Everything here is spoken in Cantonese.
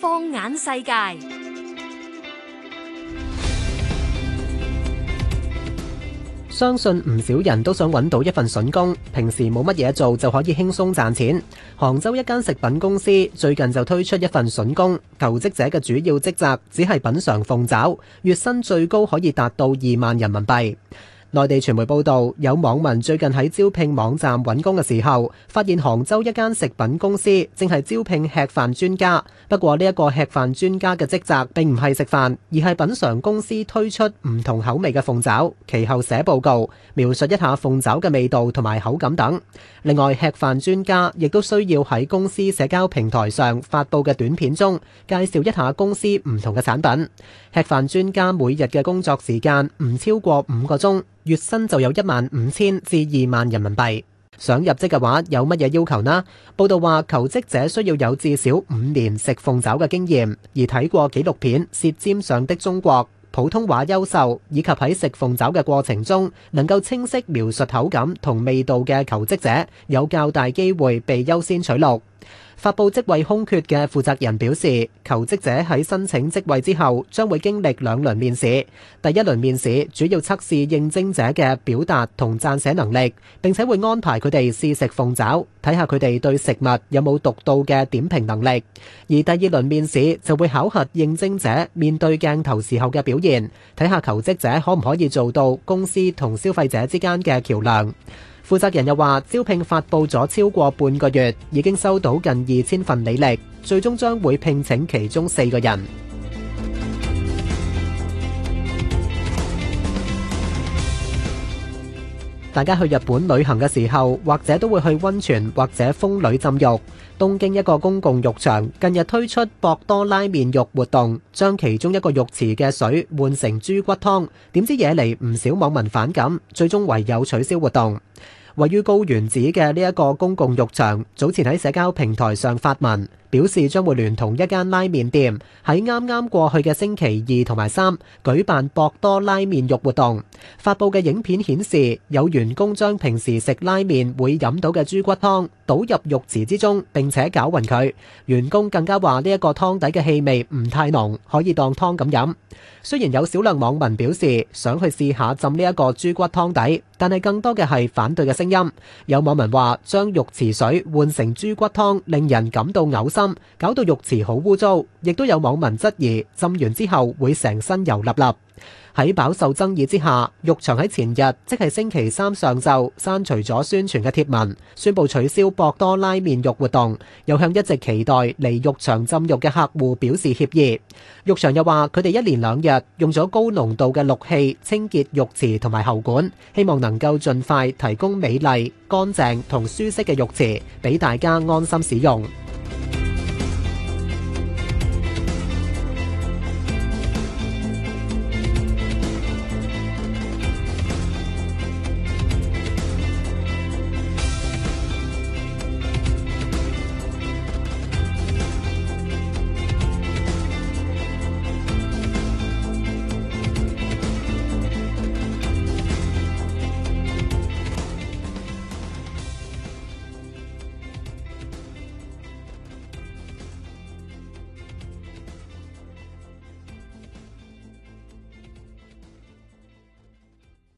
放眼世界，相信唔少人都想揾到一份筍工，平時冇乜嘢做就可以輕鬆賺錢。杭州一間食品公司最近就推出一份筍工，求職者嘅主要職責只係品嚐鳳爪，月薪最高可以達到二萬人民幣。內地傳媒報導，有網民最近喺招聘網站揾工嘅時候，發現杭州一間食品公司正係招聘吃飯專家。不過呢一個吃飯專家嘅職責並唔係食飯，而係品嚐公司推出唔同口味嘅鳳爪，其後寫報告描述一下鳳爪嘅味道同埋口感等。另外，吃飯專家亦都需要喺公司社交平台上發布嘅短片中介紹一下公司唔同嘅產品。吃飯專家每日嘅工作時間唔超過五個鐘。月薪就有一萬五千至二萬人民幣。想入職嘅話，有乜嘢要求呢？報道話，求職者需要有至少五年食鳳爪嘅經驗，而睇過紀錄片《舌尖上的中國》，普通話優秀，以及喺食鳳爪嘅過程中能夠清晰描述口感同味道嘅求職者，有較大機會被優先取錄。發佈職位空缺嘅負責人表示，求職者喺申請職位之後，將會經歷兩輪面試。第一輪面試主要測試應徵者嘅表達同撰寫能力，並且會安排佢哋試食鳳爪，睇下佢哋對食物有冇獨到嘅點評能力。而第二輪面試就會考核應徵者面對鏡頭時候嘅表現，睇下求職者可唔可以做到公司同消費者之間嘅橋樑。負責人又話：招聘發佈咗超過半個月，已經收到近二千份履歷，最終將會聘請其中四個人。大家去日本旅行嘅時候，或者都會去温泉或者風呂浸浴。東京一個公共浴場近日推出博多拉麵浴活動，將其中一個浴池嘅水換成豬骨湯，點知惹嚟唔少網民反感，最終唯有取消活動。位於高原寺嘅呢一個公共浴場，早前喺社交平台上發文，表示將會聯同一間拉麵店喺啱啱過去嘅星期二同埋三舉辦博多拉麵浴活動。發佈嘅影片顯示，有員工將平時食拉麵會飲到嘅豬骨湯，倒入浴池之中，並且攪勻佢。員工更加話呢一個湯底嘅氣味唔太濃，可以當湯咁飲。雖然有少量網民表示想去試下浸呢一個豬骨湯底，但係更多嘅係反對嘅聲音。有網民話將浴池水換成豬骨湯，令人感到嘔心，搞到浴池好污糟。亦都有網民質疑浸完之後會成身油粒粒。喺飽受爭議之下，浴場喺前日，即係星期三上晝，刪除咗宣傳嘅貼文，宣布取消博多拉麵浴活動，又向一直期待嚟浴場浸浴嘅客戶表示歉意。浴場又話佢哋一連兩日用咗高濃度嘅氯氣清潔浴池同埋喉管，希望能夠盡快提供美麗、乾淨同舒適嘅浴池俾大家安心使用。